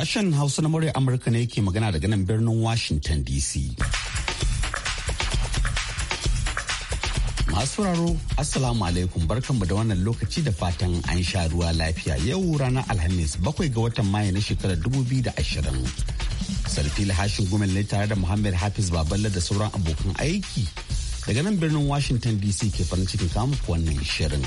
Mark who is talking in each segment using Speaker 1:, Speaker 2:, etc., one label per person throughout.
Speaker 1: Sashen Hausa na murya Amurka ne ke magana daga nan birnin Washington DC. Masu raro, Assalamu alaikum barkanmu da wannan lokaci da fatan an sha ruwa lafiya yau ranar Alhamis bakwai ga watan Mayu na shekarar 2020. Sarfil hashin gumel ne tare da Muhammad Hafiz Baballa da sauran abokan aiki daga nan birnin washington dc ke farin cikin kamu wannan shirin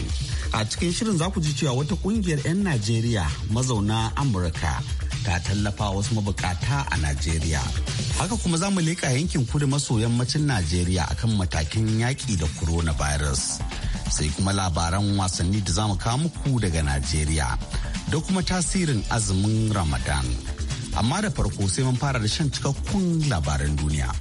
Speaker 1: a cikin shirin za ku ji cewa wata kungiyar 'yan najeriya mazauna amurka ta tallafa wasu mabukata a Najeriya. Haka kuma za mu leƙa yankin kudu maso yammacin Najeriya akan matakin yaƙi da coronavirus. Sai kuma labaran wasanni da za mu kawo muku daga Najeriya da kuma tasirin azumin Ramadan. Amma da farko sai mun fara da shan cikakkun labaran duniya.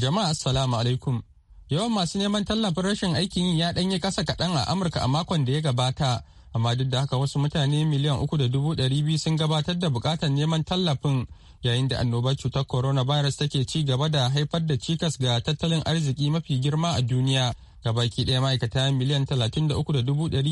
Speaker 2: Jama'a Assalamu alaikum. Yawan masu neman tallafin rashin aikin yi ya ɗanye kasa kaɗan a Amurka a makon da ya gabata amma duk da haka wasu mutane miliyan uku da dubu ɗari biyu sun gabatar da bukatar neman tallafin yayin da annobar cutar coronavirus take ci gaba da haifar da cikas ga tattalin arziki mafi girma a duniya ga baki ɗaya ma'aikata miliyan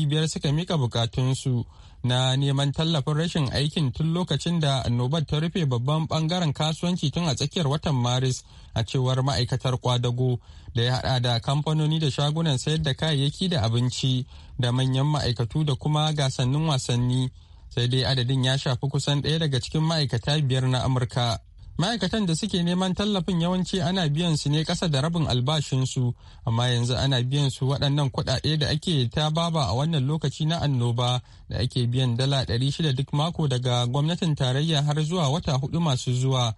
Speaker 2: biyar suka mika bukatunsu na neman tallafin rashin aikin tun lokacin da annobar ta rufe babban bangaren kasuwanci tun a tsakiyar watan maris a cewar ma'aikatar kwadago da ya hada da kamfanoni da shagunan sayar da kayayyaki da abinci da manyan ma'aikatu da kuma gasannin wasanni sai dai adadin ya shafi kusan ɗaya daga cikin ma'aikata biyar na amurka ma'aikatan da suke neman tallafin yawanci ana biyan su ne ƙasa da rabin albashinsu amma yanzu ana biyan su waɗannan kuɗaɗe da ake ta baba a wannan lokaci na annoba da ake biyan dala ɗari shida duk mako daga gwamnatin tarayya har zuwa wata hudu masu zuwa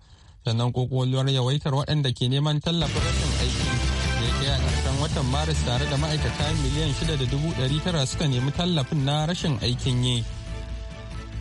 Speaker 2: sannan kokoluwar yawaitar waɗanda ke neman tallafin rashin aiki da ya kai a ƙarshen watan maris tare da ma'aikata miliyan shida da dubu ɗari tara suka nemi tallafin na rashin aikin yi.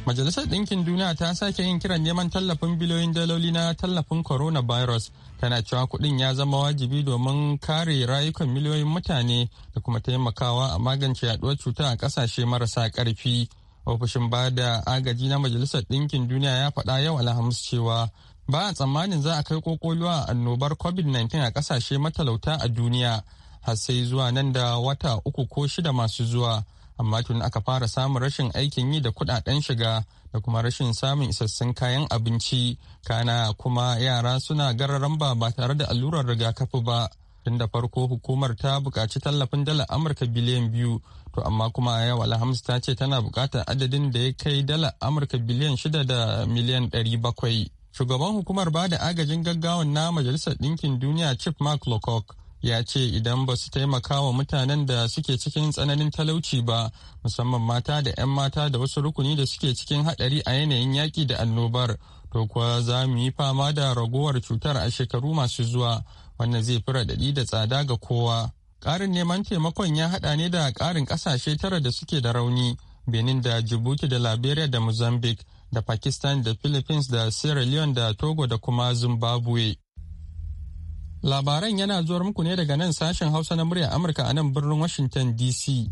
Speaker 2: Majalisar Ɗinkin Duniya ta sake yin kiran neman tallafin biliyoyin daloli na tallafin coronavirus tana cewa kuɗin ya zama wajibi domin kare rayukan miliyoyin mutane da kuma taimakawa a magance yaduwar cuta a ƙasashe marasa ƙarfi. Ofishin ba da agaji na Majalisar Ɗinkin Duniya ya faɗa yau Alhamis cewa ba a tsammanin za a kai a annobar COVID-19 a ƙasashe matalauta a duniya har sai zuwa nan da wata uku ko shida masu zuwa. amma tun aka fara samun rashin aikin yi da kudaden shiga da kuma rashin samun isassun kayan abinci kana kuma yara suna gararan ba ba tare da allurar rigakafi ba tun da farko hukumar ta buƙaci tallafin dala amurka biliyan biyu to amma kuma yau alhamis ta ce tana buƙatar adadin da ya kai dala amurka biliyan shida da miliyan ɗari bakwai shugaban hukumar ba da agajin gaggawan na majalisar ɗinkin duniya chief mark lowcock ya ce idan ba su taimaka wa mutanen da suke cikin tsananin talauci ba musamman mata da 'yan mata da wasu rukuni da suke cikin haɗari a yanayin yaƙi da annobar to kuwa za mu yi fama da ragowar cutar a shekaru masu zuwa wannan zai fi raɗaɗi da tsada ga kowa ƙarin neman taimakon ya haɗa ne da ƙarin ƙasashe tara da suke da rauni benin da djibouti da liberia da mozambique da pakistan da philippines da sierra leone da togo da kuma zimbabwe Labaran yana zuwar muku ne daga nan sashen Hausa na muryar Amurka a nan birnin Washington DC.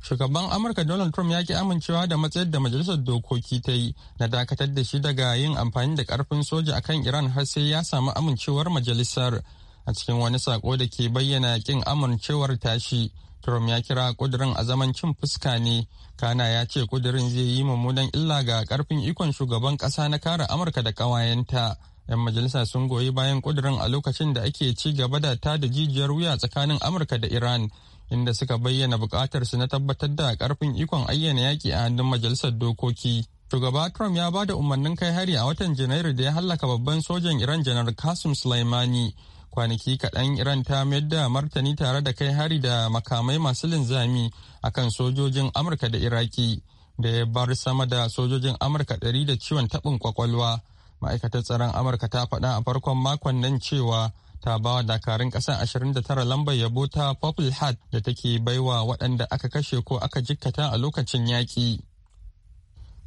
Speaker 2: Shugaban Amurka Donald Trump ya ki amincewa da matsayar da Majalisar Dokoki ta yi na dakatar da shi daga yin amfani da karfin soja akan Iran har sai ya samu amincewar majalisar. A cikin wani sako da ke bayyana kin amincewar tashi, Trump ya kira kudirin a zaman cin fuska ne. Kana ya ce kudirin zai yi mummunan illa ga karfin ikon shugaban kasa na kare Amurka da ƙawayenta. 'yan majalisa sun goyi bayan kudirin a lokacin da ake ci gaba da ta da jijiyar wuya tsakanin amurka da iran inda suka bayyana bukatar su na tabbatar da karfin ikon ayyana yaki a hannun majalisar dokoki shugaba trump ya ba da umarnin kai hari a watan janairu da ya hallaka babban sojan iran janar kasim sulaimani kwanaki kaɗan iran ta mayar da martani tare da kai hari da makamai masu linzami akan sojojin amurka da iraki da ya bar sama da sojojin amurka ɗari da ciwon taɓin kwakwalwa ma'aikatar tsaron amurka ta faɗa a farkon makon nan cewa ta ba wa dakarun ƙasar 29 lambar yabo ta purple heart da take baiwa waɗanda aka kashe ko aka jikkata a lokacin yaƙi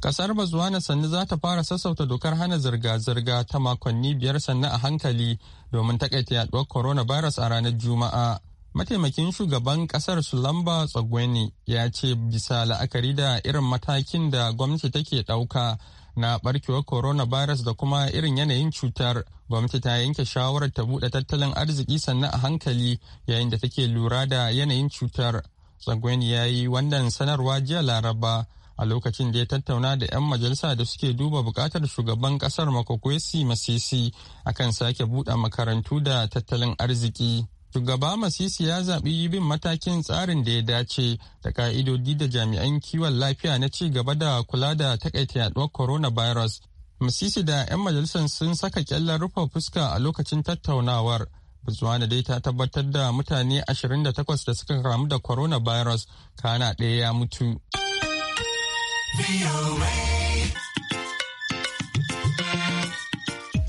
Speaker 2: ƙasar bazuwana sannu za ta fara sassauta dokar hana zirga-zirga ta makonni biyar sannu a hankali domin takaita yaduwar coronavirus a ranar juma'a mataimakin shugaban kasar lamba tsogweni ya ce bisa la'akari da irin matakin da gwamnati take ɗauka na corona virus da kuma irin yanayin cutar gwamnati ta yanke shawarar ta buɗe tattalin arziki sannan a hankali yayin da take lura da yanayin cutar tsagwen ya yi wannan sanarwa jiya laraba a lokacin da ya tattauna da 'yan majalisa da suke duba bukatar shugaban kasar makokwesi masisi akan sake buɗe makarantu da tattalin arziki shugaba masisi ya zaɓi bin matakin tsarin da ya dace da ƙa'idodi da jami'an kiwon lafiya na ci gaba da kula da takaita yaduwar coronavirus masisi da 'yan majalisar sun saka kyallar rufe fuska a lokacin tattaunawar botswana dai ta tabbatar da mutane 28 da suka kamu da coronavirus kana ɗaya ya mutu.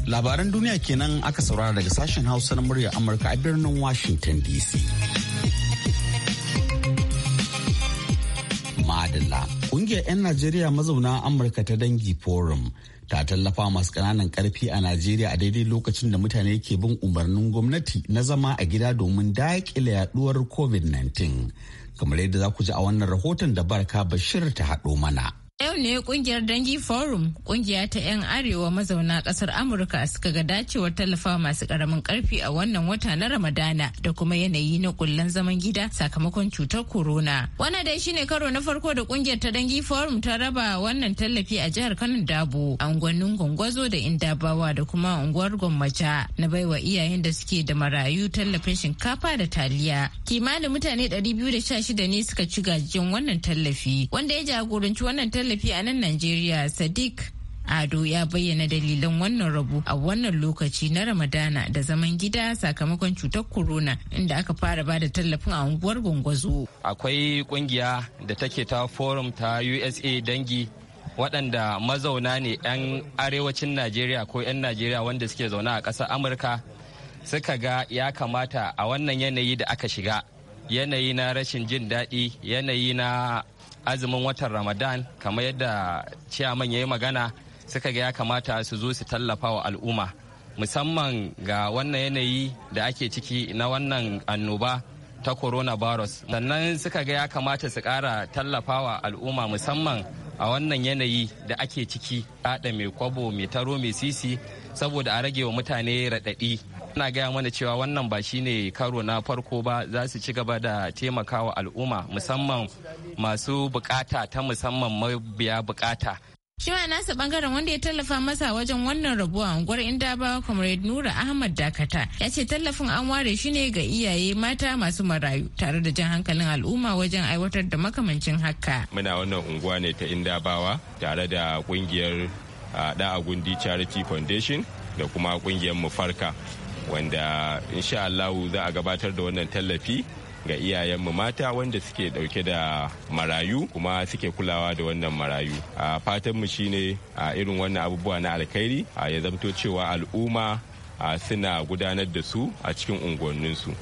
Speaker 1: Labaran duniya kenan aka saurara daga sashen Hausa na muryar Amurka a birnin Washington DC. Madalla, ƙungiyar 'yan Najeriya mazauna Amurka ta dangi Forum ta tallafa masu ƙananan ƙarfi a Najeriya a daidai lokacin da mutane ke bin umarnin gwamnati na zama a gida domin daƙile yaduwar COVID-19. Kamar yadda za ku ji a wannan rahoton da Barka Bashir ta haɗo mana.
Speaker 3: yau ne kungiyar dangi forum kungiya ta 'yan arewa mazauna kasar amurka suka ga dacewar tallafa masu karamin karfi a wannan wata na ramadana da kuma yanayi na kullen zaman gida sakamakon cutar corona wannan dai shine karo na farko da kungiyar ta dangi forum ta raba wannan tallafi a jihar kano dabo a unguwannin gwangwazo da indabawa da kuma unguwar gommaja na baiwa iyayen da suke da marayu tallafin shinkafa da taliya kimanin mutane biyu da 216 ne suka ci gajiyan wannan tallafi wanda ya jagoranci wannan tallafi tallafi a nan Najeriya Sadiq Ado ya bayyana dalilan wannan rabu a wannan lokaci na Ramadana da zaman gida sakamakon cutar corona inda aka fara bada tallafin a unguwar gwangwazo.
Speaker 4: Akwai kungiya da take ta forum ta USA dangi waɗanda mazauna ne 'yan arewacin Najeriya ko 'yan Najeriya wanda suke zaune a ƙasar Amurka suka ga ya kamata a wannan yanayi da aka shiga yanayi na rashin jin daɗi yanayi na azumin watan ramadan kamar yadda ciyaman ya yi magana suka ga ya kamata su zo su tallafa wa al'umma musamman ga wannan yanayi da ake ciki na wannan annoba ta coronavirus sannan suka ga ya kamata su kara wa al'umma musamman a wannan yanayi da ake ciki haɗa mai kwabo mai taro mai sisi saboda a rage wa mutane raɗaɗi na gaya mana cewa wannan ba shine karo na farko ba za su ci gaba da taimakawa al'umma musamman masu bukata ta musamman mabiya bukata
Speaker 3: shi ma nasa bangaren wanda ya tallafa masa wajen wannan rabuwa unguwar ba comrade nura ahmad dakata ya ce tallafin an ware shi ne ga iyaye mata masu marayu tare da jan hankalin al'umma wajen aiwatar da makamancin haka
Speaker 5: muna wannan unguwa ne ta indabawa tare da kungiyar da gundi charity foundation da kuma kungiyar farka wanda insha Allahu za a gabatar da wannan tallafi ga iyayenmu mata wanda suke dauke da marayu kuma suke kulawa da wannan marayu a mu shine a irin wannan abubuwa na alkhairi ya zamto cewa al'umma suna gudanar da su a cikin unguwanninsu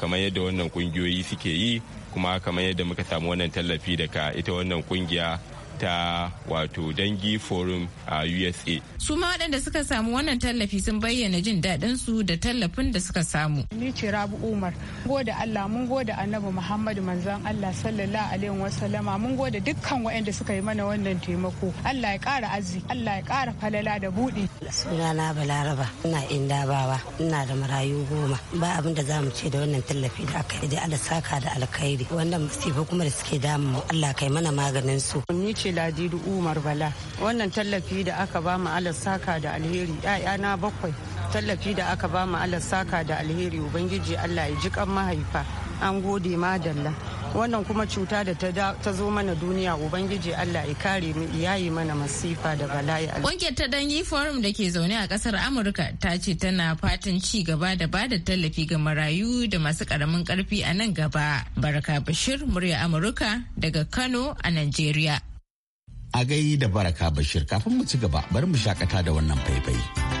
Speaker 5: kamar yadda wannan kungiyoyi suke yi kuma kamar yadda muka samu wannan tallafi daga ita wannan kungiya ta wato dangi forum a usa
Speaker 3: su ma waɗanda suka samu wannan tallafi sun bayyana jin daɗin su da tallafin da suka samu ni ce rabu umar gode allah mun gode annabi muhammadu manzon allah sallallahu alaihi wa sallama mun gode dukkan waɗanda suka yi mana wannan taimako allah ya ƙara arziki allah ya kara falala da buɗi
Speaker 4: sunana balaraba ina inda bawa ina da marayu goma ba abin da za ce da wannan tallafi da aka yi da saka da alkhairi
Speaker 3: wannan masifa kuma da suke damu allah kai mana maganin su ni ce ladidu umar bala wannan tallafi da aka ba mu saka da alheri na bakwai tallafi da aka ba mu saka da alheri ubangiji allah ya ji kan mahaifa an gode madalla wannan kuma cuta da ta zo mana duniya ubangiji allah ya kare mu yayi mana masifa da bala'i kungiyar ta dangi forum da ke zaune a kasar amurka ta ce tana fatan ci gaba da ba da tallafi ga marayu da masu karamin karfi a nan gaba baraka bashir murya amurka daga kano a nigeria
Speaker 1: a gai da baraka bashir kafin mu ci gaba bari mu shakata da wannan faifai.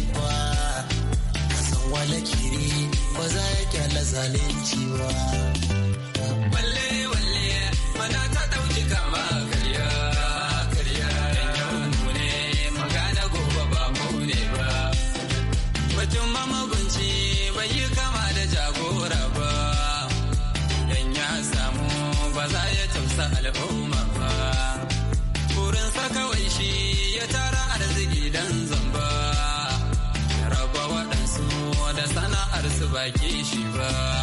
Speaker 6: malakiri ba za ya kyala zalunci ba.
Speaker 7: Walle walle mana ta ɗauki kama karya karya yau mu ne magana gobe ba mu ne ba. Batun mamagunci bai yi kama da jagora ba. Dan ya samu ba za ya tausa al'umma baki shi ba.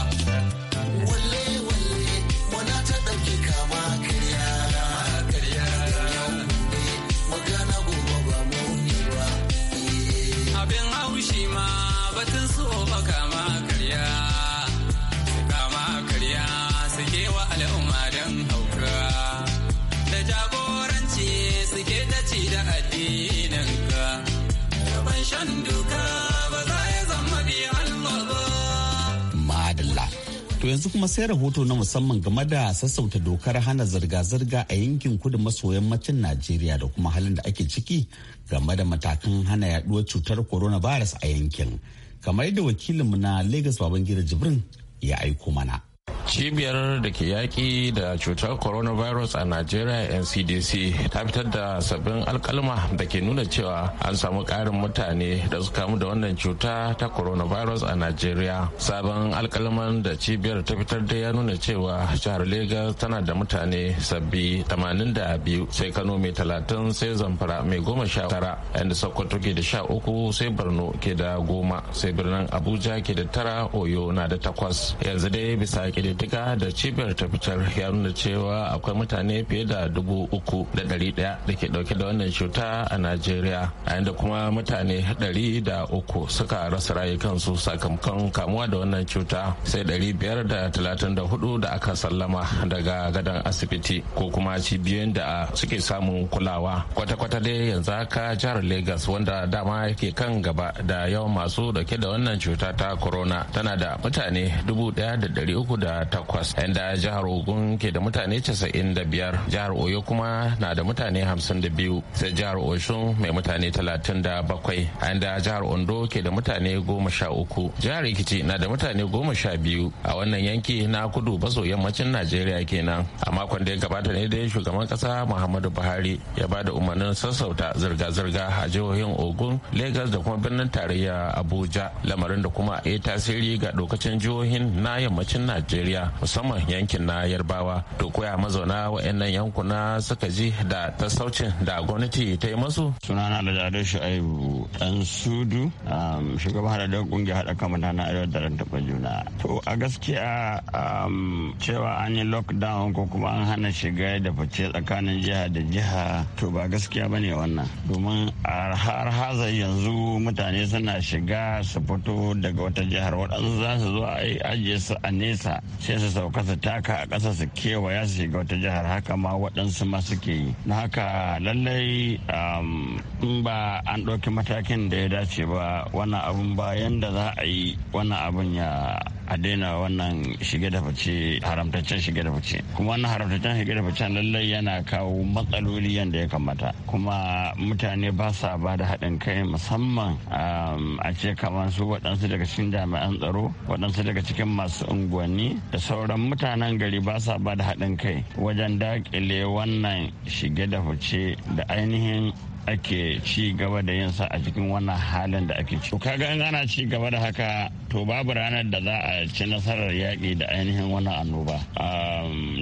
Speaker 1: yanzu kuma sai rahoto na musamman game da sassauta dokar hana zirga-zirga a yankin kudu maso yammacin Najeriya da kuma halin da ake ciki game da matakan hana yaduwar cutar coronavirus a yankin. Kamar yadda wakilinmu na Lagos Babangida Jibrin ya aiko mana.
Speaker 5: cibiyar da ke yaƙi da cutar coronavirus a Nigeria ncdc ta fitar da sabbin alkalma da ke nuna cewa an samu ƙarin mutane da su kamu da wannan cuta ta coronavirus a Nigeria. sabon alkalman da cibiyar ta fitar da ya nuna cewa jihar Legas tana da mutane sabbi 82 sai kano mai 30 sai zamfara mai goma 19 yadda sokoto ke da uku sai borno ke da 10 sai birnin abuja ke da tara oyo na da takwas yanzu dai bisa kididdiga da cibiyar ta fitar ya nuna cewa akwai mutane fiye da dubu uku da dari daya da ke dauke da wannan cuta a najeriya a yanda kuma mutane dari da uku suka rasa rayukansu sakamakon kamuwa da wannan cuta sai dari biyar da talatin da hudu da aka sallama daga gadon asibiti ko kuma cibiyoyin da suke samun kulawa kwata-kwata dai yanzu haka jihar Legas wanda dama yake kan gaba da yawan masu dauke da wannan cuta ta corona tana da mutane dubu daya da dari uku da takwas inda jihar ogun ke da mutane casa'in da biyar jihar oyo kuma na da mutane hamsin da biyu sai jihar oshun mai mutane talatin da bakwai a inda jihar ondo ke da mutane goma sha uku jihar rikici na da mutane goma sha biyu a wannan yanki na kudu baso yammacin najeriya kenan a makon da ya gabata ne dai shugaban kasa muhammadu buhari ya ba da umarnin sassauta zirga-zirga a jihohin ogun lagos da kuma birnin tarayya abuja lamarin da kuma ya tasiri ga dokacin jihohin na yammacin najeriya najeriya musamman yankin na yarbawa to koya mazauna wa'annan yankuna suka ji da tasaucin da gwamnati ta yi
Speaker 8: masu sunana da jadon shu'aibu dan sudu um, shugaban haɗaɗɗen ƙungiyar haɗa kama na arewa da ran juna to a gaskiya um, cewa an yi lockdown ko kuma an hana shiga da fice tsakanin jiha da jiha to ba gaskiya ba ne wannan domin har haza yanzu mutane suna shiga su fito daga wata jihar waɗansu za su zo a ajiye su a nesa sai su sauka su taka a ƙasa su kewaya su shiga wata jihar haka ma waɗansu ma suke yi na haka lallai um, in ba an ɗauki matakin da ya dace ba wannan abun bayan da za a yi wannan abun ya a daina wannan shige da fice haramtaccen shige da fice kuma wannan haramtaccen shige da fice lallai yana kawo matsaloli yadda ya kamata kuma mutane ba sa ba da haɗin kai musamman um, a ce kamar su waɗansu daga cikin jami'an tsaro waɗansu daga cikin masu unguwanni da sauran mutanen gari ba sa ba da haɗin kai wajen daƙile wannan shige da fice da ainihin ake ci gaba da yin sa a cikin wannan halin da ake ci. kaga in ana ci gaba da haka to babu ranar da za a ci nasarar yaƙi da ainihin wannan annoba.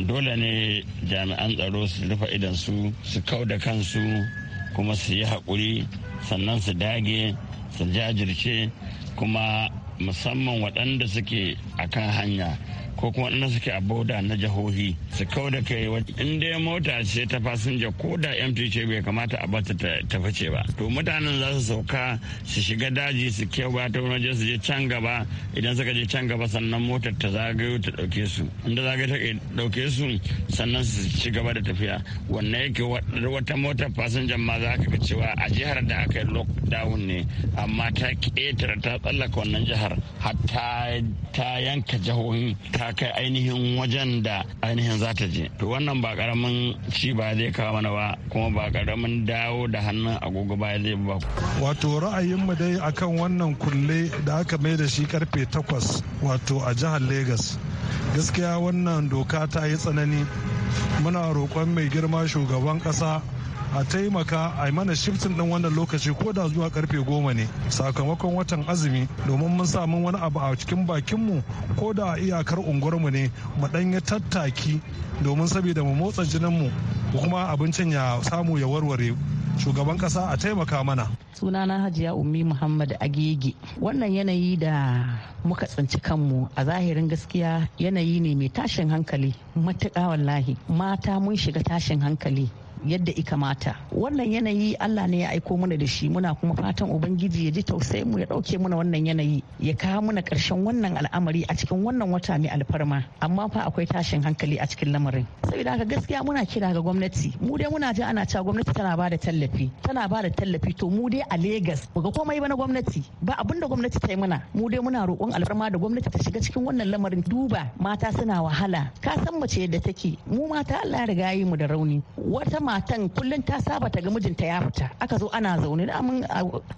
Speaker 8: Dole ne jami'an tsaro su rufe idan su su kau da kansu kuma su yi haƙuri sannan su dage su jajirce kuma musamman waɗanda suke akan hanya. ko kuma inda suke a boda na jihohi su kawo da kai in dai mota ce ta fasinja ko da mt ce bai kamata a bata ta fice ba to mutanen za su sauka su shiga daji su kewa ta waje su je can gaba idan suka je can gaba sannan motar ta zagayo ta dauke su inda zagayo ta dauke su sannan su ci gaba da tafiya wannan yake wata motar fasinjan ma za ka cewa a jihar da aka yi lockdown ne amma ta ketare ta tsallaka wannan jihar har ta yanka jihohin ta ta kai ainihin wajen da ainihin za ta je to wannan ba karamin ci ba zai kawo mana ba kuma ba karamin dawo da hannun agogo ba zai ba
Speaker 9: wato ra'ayin mu dai akan wannan kulle da aka mai da shi karfe takwas wato a jihar Legas gaskiya wannan doka ta yi tsanani muna roƙon mai girma shugaban ƙasa a taimaka a mana shiftin din wannan lokaci ko da zuwa karfe goma ne sakamakon watan azumi domin mun samu wani abu a cikin bakinmu ko da a iyakar mu ne mu ɗanyi tattaki domin saboda mu motsa jininmu kuma abincin ya samu ya warware shugaban kasa a taimaka mana.
Speaker 3: sunana hajiya ummi muhammad agege wannan yanayi da muka tsinci kanmu a zahirin gaskiya yanayi ne mai tashin hankali matuƙa wallahi mata mun shiga tashin hankali yadda ika mata wannan yanayi Allah ne ya aiko mana da shi muna kuma fatan ubangiji ya ji tausayin mu ya dauke mana wannan yanayi ya kawo mana karshen wannan al'amari a cikin wannan wata mai alfarma amma fa akwai tashin hankali a cikin lamarin saboda haka gaskiya muna kira ga gwamnati mu dai muna ji ana cewa gwamnati tana ba da tallafi tana ba da tallafi to mu dai a Legas ba ga komai ba na gwamnati ba abin da gwamnati ta yi mana mu dai muna roƙon alfarma da gwamnati ta shiga cikin wannan lamarin duba mata suna wahala ka san mace yadda take mu mata Allah ya riga yi mu da rauni wata matan kullum ta saba ta ga mijinta ya fita aka zo ana zaune da mun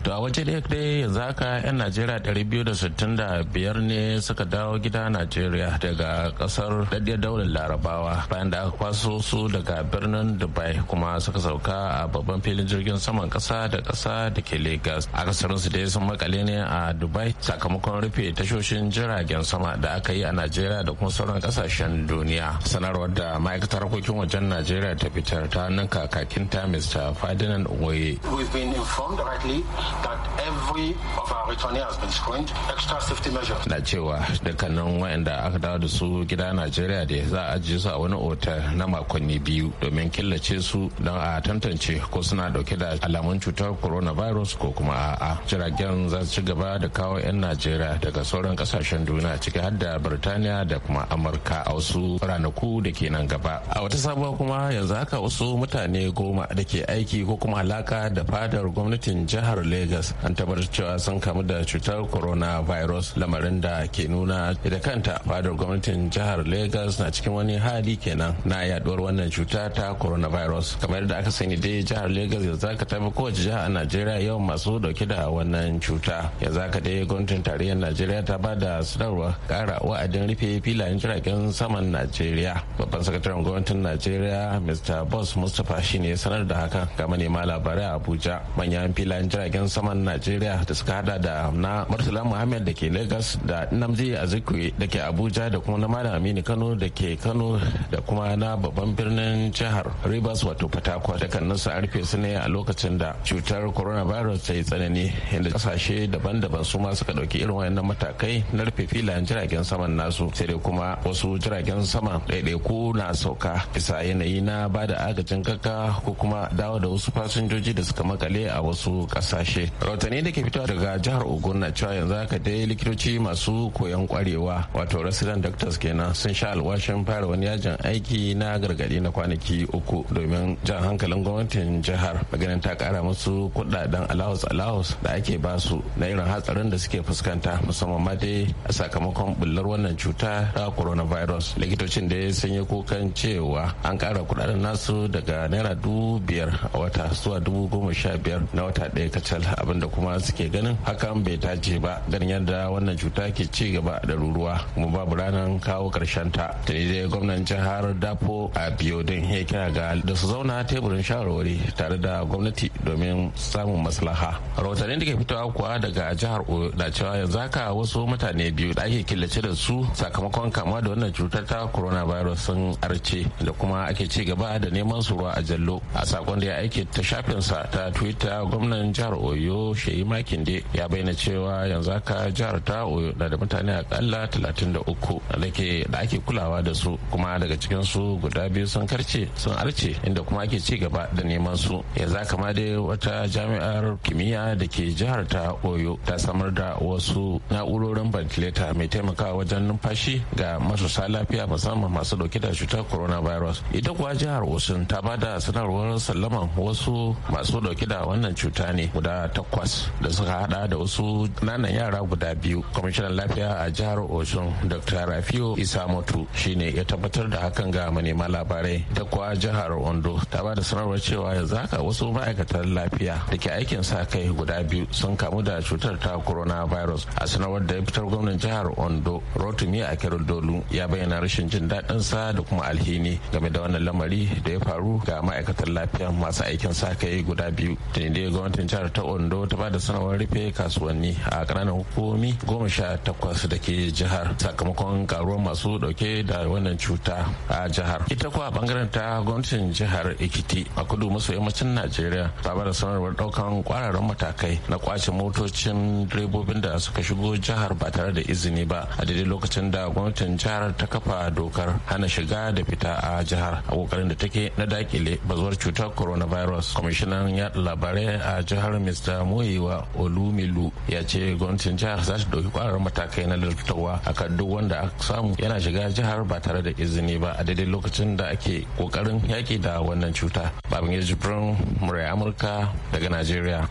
Speaker 5: to a waje da dai yanzu haka yan najeriya ɗari biyu da sittin da biyar ne suka dawo gida najeriya daga ƙasar daɗiyar daular larabawa bayan da aka kwaso su daga birnin dubai kuma suka sauka a babban filin jirgin saman ƙasa da ƙasa da ke lagos su dai sun makale ne a dubai sakamakon rufe tashoshin jiragen sama da aka yi a najeriya da kuma sauran ƙasashen duniya sanarwar da ma'aikatar harkokin wajen najeriya ta fitar ta kakakin kakakinta Mr. Ferdinand Ogoye.
Speaker 9: We've been informed rightly that every of our has been screened extra safety measures. Na
Speaker 5: cewa dukkanin waɗanda aka dawo da su gida Najeriya da za a ajiye su a wani otal na makonni biyu domin killace su don a tantance ko suna dauke da alamun cutar coronavirus ko kuma a'a. Jiragen za su ci gaba da kawo 'yan Najeriya daga sauran kasashen duniya ciki har da Birtaniya da kuma Amurka a wasu ranaku da ke nan gaba. A wata sabuwa kuma yanzu haka wasu mutane goma da ke aiki ko kuma alaka da fadar gwamnatin jihar Legas an tabbatar cewa sun kamu da cutar coronavirus lamarin da ke nuna da kanta fadar gwamnatin jihar Legas na cikin wani hali kenan na yaduwar wannan cuta ta coronavirus kamar da aka sani dai jihar Legas yanzu aka tafi kowace jiha Najeriya yawan masu dauke da wannan cuta yanzu aka dai gwamnatin tarayyar Najeriya ta ba da sadarwa kara wa'adin rufe filayen jiragen saman Najeriya babban sakataren gwamnatin Najeriya Mr. Boss mustapha shine sanar da haka ga manema labarai a abuja manyan filayen jiragen saman najeriya da suka hada da na murtala muhammed da ke lagos da namji azikwe da ke abuja da kuma na malam aminu kano da ke kano da kuma na babban birnin jihar rivers wato fatakwa kan su arfe su ne a lokacin da cutar coronavirus ta yi tsanani inda kasashe daban-daban su ma suka dauki irin wayannan matakai na rufe filayen jiragen saman nasu sai dai kuma wasu jiragen sama ɗaiɗaiku na sauka bisa yanayi na bada da agajin kaka ko kuma dawo da wasu fasinjoji da suka makale a wasu kasashe rahotanni da ke fitowa daga jihar ogun na cewa yanzu haka dai likitoci masu koyon kwarewa wato resident doctors kenan sun sha alwashin fara wani yajin aiki na gargadi na kwanaki uku domin jan hankalin gwamnatin jihar maganin ta kara musu kudaden allowance allowance da ake su na irin hatsarin da suke fuskanta musamman ma dai a sakamakon bullar wannan cuta ta coronavirus likitocin da ya sanya kukan cewa an kara kudaden nasu daga naira dubu biyar a wata zuwa dubu goma sha biyar na wata ɗaya kacal abinda kuma suke ganin hakan bai dace ba ganin yadda wannan cuta ke ci gaba da ruruwa kuma babu ranar kawo karshen ta tuni dai gwamnan jihar dapo a biyo ya kira ga da su zauna teburin shawarwari tare da gwamnati domin samun maslaha rahotanni da ke fitowa kuwa daga jihar oyo na cewa yanzu haka wasu mutane biyu da ake killace da su sakamakon kama da wannan cutar ta coronavirus sun arce da kuma ake ci gaba da neman su ruwa a Jallo a sakon da ya aike ta shafinsa ta Twitter gwamnan jihar Oyo Sheyi Makinde ya bayyana cewa yanzu haka jihar ta Oyo na da mutane akalla talatin da ake kulawa da su kuma daga cikin su guda biyu sun karce sun arce inda kuma ake ci gaba da neman su yanzu haka da dai wata jami'ar kimiyya da ke jihar ta Oyo ta samar da wasu na'urorin bantileta mai taimakawa wajen numfashi ga marasa lafiya musamman masu dauke da cutar coronavirus ita kuwa jihar Osun ta ba da sanarwar sallaman wasu masu dauke da wannan cuta ne guda takwas da suka hada da wasu nanan yara guda biyu kwamishinan lafiya a jihar osun dr rafio isa mutu shine ya tabbatar da hakan ga manema labarai ta kuwa jihar ondo ta ba da sanarwar cewa yanzu haka wasu ma'aikatan lafiya da ke aikin sa kai guda biyu sun kamu da cutar ta coronavirus a sanarwar da ya fitar gwamnan jihar ondo rotumi a dolu ya bayyana rashin jin daɗin sa da kuma alhini game da wannan lamari da ya faru ga ma'aikatar lafiya masu aikin sa kai guda biyu da ne gwamnatin jihar ta ondo ta bada sanarwar rufe kasuwanni a ƙananan hukumomi goma sha takwas da ke jihar sakamakon karuwar masu dauke da wannan cuta a jihar ita kuwa bangaren ta gwamnatin jihar ekiti a kudu maso yammacin najeriya ta bada sanarwar daukan kwararan matakai na kwace motocin direbobin da suka shigo jihar ba tare da izini ba a daidai lokacin da gwamnatin jihar ta kafa dokar hana shiga da fita a jihar a kokarin da take na daki dakile bazuwar cutar coronavirus kwamishinan yada labarai a jihar mr moyewa olumilu ya ce gwamnatin jihar za su dauki kwararar matakai na lalatawa akan duk wanda aka samu yana shiga jihar ba tare da izini ba a daidai lokacin da ake kokarin yaki da wannan cuta babin ya jibrin murai amurka daga najeriya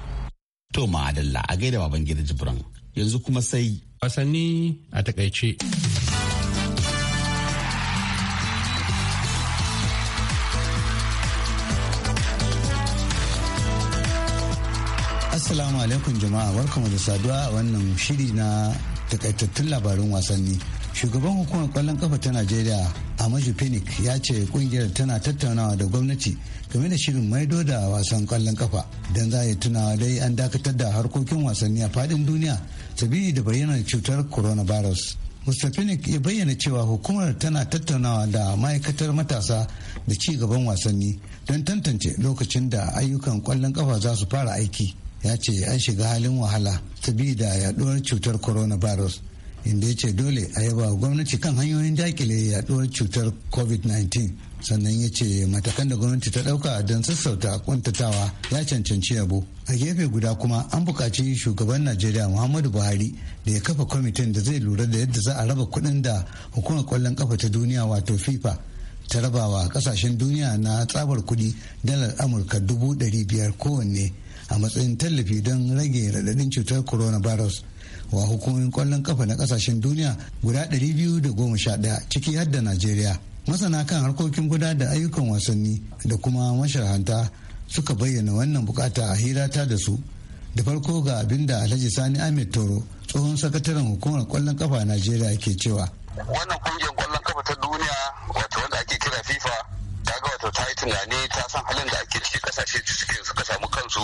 Speaker 1: to ma'adalla a gaida baban jibrin yanzu kuma sai wasanni a takaice
Speaker 10: Assalamu alaikum jama'a barkamu da saduwa a wannan shiri na takaitattun labarun wasanni. Shugaban hukumar kwallon kafa ta Najeriya Amaju Phoenix ya ce kungiyar tana tattaunawa da gwamnati game da shirin maido da wasan kwallon kafa don za a tunawa dai an dakatar da harkokin wasanni a fadin duniya sabili da bayyanar cutar coronavirus. Mr. Phoenix ya bayyana cewa hukumar tana tattaunawa da ma'aikatar matasa da ci gaban wasanni don tantance lokacin da ayyukan kwallon kafa za su fara aiki. ya ce an shiga halin wahala sabida yaduwar cutar coronavirus inda ya ce dole a yaba gwamnati kan hanyoyin dakile yaduwar cutar covid-19 sannan ya ce matakan da gwamnati ta dauka don sassauta kwantatawa ya cancanci yabo a gefe guda kuma an bukaci shugaban najeriya muhammadu buhari da ya kafa kwamitin da zai lura da yadda za a raba kuɗin da hukumar kwallon kafa ta duniya wato fifa ta rabawa kasashen duniya na tsabar kudi dalar amurka dubu ɗari biyar kowanne a matsayin tallafi don rage raɗaɗin cutar coronavirus wa hukumomin kwallon kafa na kasashen duniya guda 211 ciki har da najeriya masana kan harkokin guda da ayyukan wasanni da kuma masharhanta suka bayyana wannan bukata a hirata da su da farko ga abin da alhaji sani ahmed toro tsohon sakataren hukumar kwallon kafa a najeriya ke cewa
Speaker 1: wannan kungiyar kwallon kafa ta duniya wato wanda ake kira fifa tunani ta san halin da ake ciki kasashe suke suka samu kansu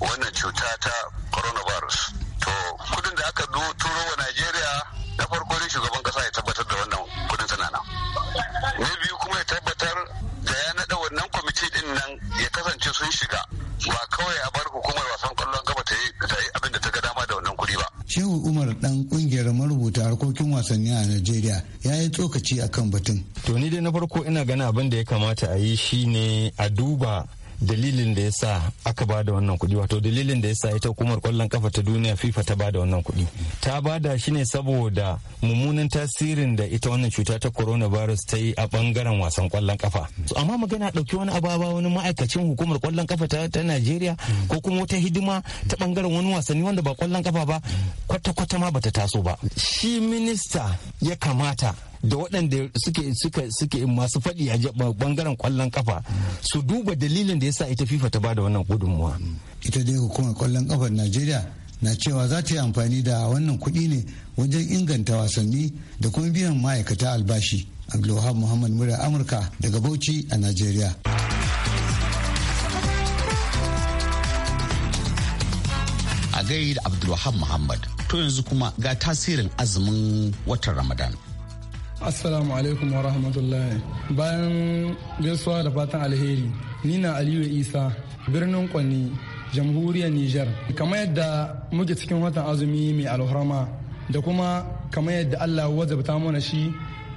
Speaker 1: wannan cuta ta coronavirus to kudin da aka turo wa najeriya na farko
Speaker 10: wasanni a Najeriya ya yi tsokaci kan batun.
Speaker 9: To ni dai na farko ina gana abin da ya kamata a yi shine a duba dalilin da ya sa aka ba da wannan kuɗi wato dalilin da ya sa ita hukumar kwallon kafa ta duniya fifa ta ba da wannan kuɗi ta ba da shi ne saboda mummunan tasirin da ita wannan cuta ta coronavirus ta yi a bangaren wasan kwallon kafa amma magana ɗauki wani ababa wani ma'aikacin hukumar kwallon kafa ta najeriya ko kuma wata hidima ta bangaren wani wasanni wanda ba kwallon kafa ba kwata-kwata ma bata taso ba shi minista ya kamata da waɗanda suke suka suke masu faɗi a bangaren kwallon kafa su duba dalilin da yasa ita FIFA ta bada wannan gudunmuwa
Speaker 10: ita dai hukumar kwallon kafar Najeriya na cewa za ta yi amfani da wannan kuɗi ne wajen inganta wasanni da kuma biyan ma'aikata albashi Abdulwahab Muhammad Murya Amurka daga Bauchi a Najeriya
Speaker 1: a gaida Abdulwahab Muhammad to yanzu kuma ga tasirin azumin watan Ramadan
Speaker 9: Assalamu alaikum wa rahmatullahi. Bayan gaisuwa da fatan alheri, ni na Aliyu Isa, birnin Kwanni, jamhuriyar Nijar. Kamar yadda muke cikin watan azumi mai alhurama da kuma kamar yadda Allah wajabta mana shi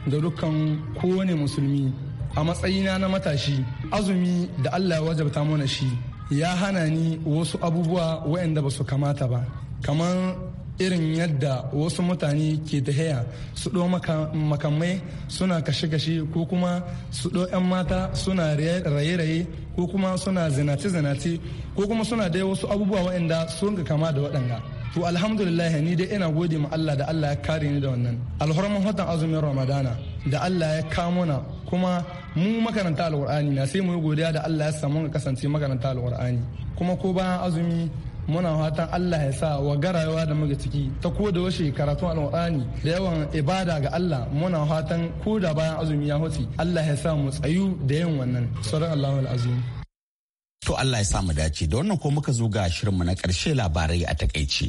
Speaker 9: da dukkan kowane musulmi. A matsayina na matashi, azumi da Allah wajabta mana shi ya hana ni wasu abubuwa waɗanda ba su kamata ba. Kamar irin yadda wasu mutane ke haya su ɗo makamai suna kashe-kashe ko kuma su ɗo 'yan mata suna raye-raye ko kuma suna zinace-zinace ko kuma suna dai wasu abubuwa waɗanda sun ga kama da waɗanda to alhamdulillah ni dai ina gode ma Allah da Allah ya kare ni da wannan alhurman watan azumin ramadana da Allah ya kamo na kuma mu makaranta alqur'ani na sai mu yi godiya da Allah ya samu ga kasance makaranta alqur'ani kuma ko bayan azumi muna fatan Allah ya sa wa garayewa da muke ciki ta koda da washe karatun qurani da yawan ibada ga Allah muna fatan ko da bayan azumi ya hoti Allah ya sa mu tsayu da yin wannan sauran al azim
Speaker 1: to Allah ya sa mu dace da wannan ko muka zo ga shirinmu na karshe labarai a takaici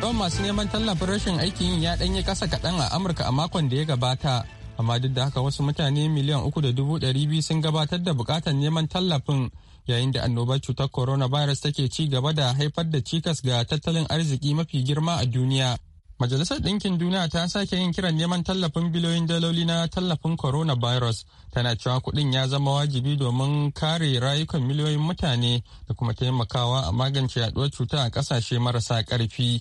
Speaker 2: Yawan masu neman tallafin rashin aikin yin ya ɗanyi ƙasa kaɗan a Amurka a makon da ya gabata. Amma duk da haka wasu mutane miliyan uku da dubu ɗari biyu sun gabatar da buƙatar neman tallafin yayin da annobar cutar coronavirus take ci gaba da haifar da cikas ga tattalin arziki mafi girma a duniya. Majalisar Ɗinkin Duniya ta sake yin kiran neman tallafin biliyoyin daloli na tallafin coronavirus tana cewa kuɗin ya zama wajibi domin kare rayukan miliyoyin mutane da kuma taimakawa a magance yaɗuwar cuta a ƙasashe marasa ƙarfi.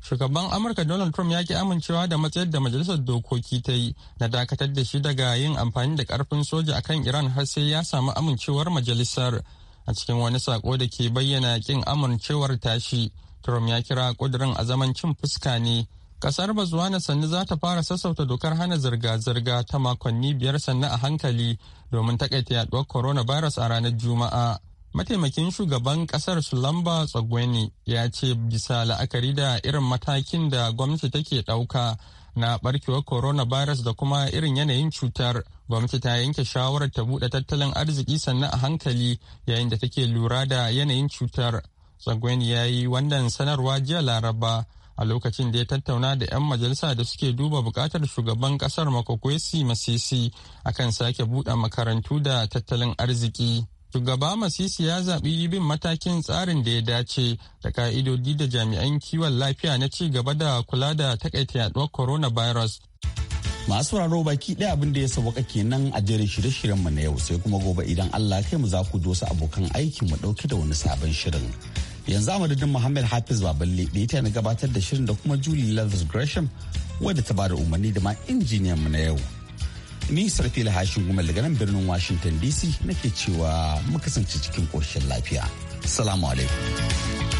Speaker 2: shugaban amurka donald trump ya ki amincewa da matsayar da majalisar dokoki ta yi na dakatar da shi daga yin amfani da karfin soja akan iran har sai ya samu amincewar majalisar a cikin wani sako da ke bayyana kin amincewar tashi trump ya kira kudirin a zaman cin fuska ne kasar bazuwana sannu za ta fara sassauta dokar hana zirga-zirga ta makonni biyar sannu a hankali domin takaita yaduwar coronavirus a ranar juma'a mataimakin shugaban kasar sulamba tsagweni ya ce bisa la'akari da irin matakin da gwamnati take ɗauka na barkewar coronavirus da kuma irin yanayin cutar gwamnati ta yanke shawarar ta buɗe tattalin arziki sannan a hankali yayin da take lura da yanayin cutar tsagweni ya yi wannan sanarwa jiya laraba a lokacin da ya tattauna da 'yan majalisa da suke duba bukatar shugaban kasar makokwesi masisi akan sake buɗe makarantu da tattalin arziki Shugaba Masisi ya zaɓi bin matakin tsarin da ya dace da ka'idodi da jami'an kiwon lafiya na ci gaba da kula da takaita yaduwar coronavirus.
Speaker 1: Masu raro baki ɗaya abin da ya sauka kenan a jerin shirye-shiryenmu na yau sai kuma gobe idan Allah kai mu za ku dosa abokan aikin mu ɗauke da wani sabon shirin. Yanzu a madadin Muhammad Hafiz Baballe da ita na gabatar da shirin da kuma Julie lovers Gresham wadda ta da umarni da ma injiniyan mu na yau. Ni Sarfil Hashin Gumal daga nan birnin Washington DC nake cewa muka kasance cikin ƙoshin lafiya. Salamu alaikum.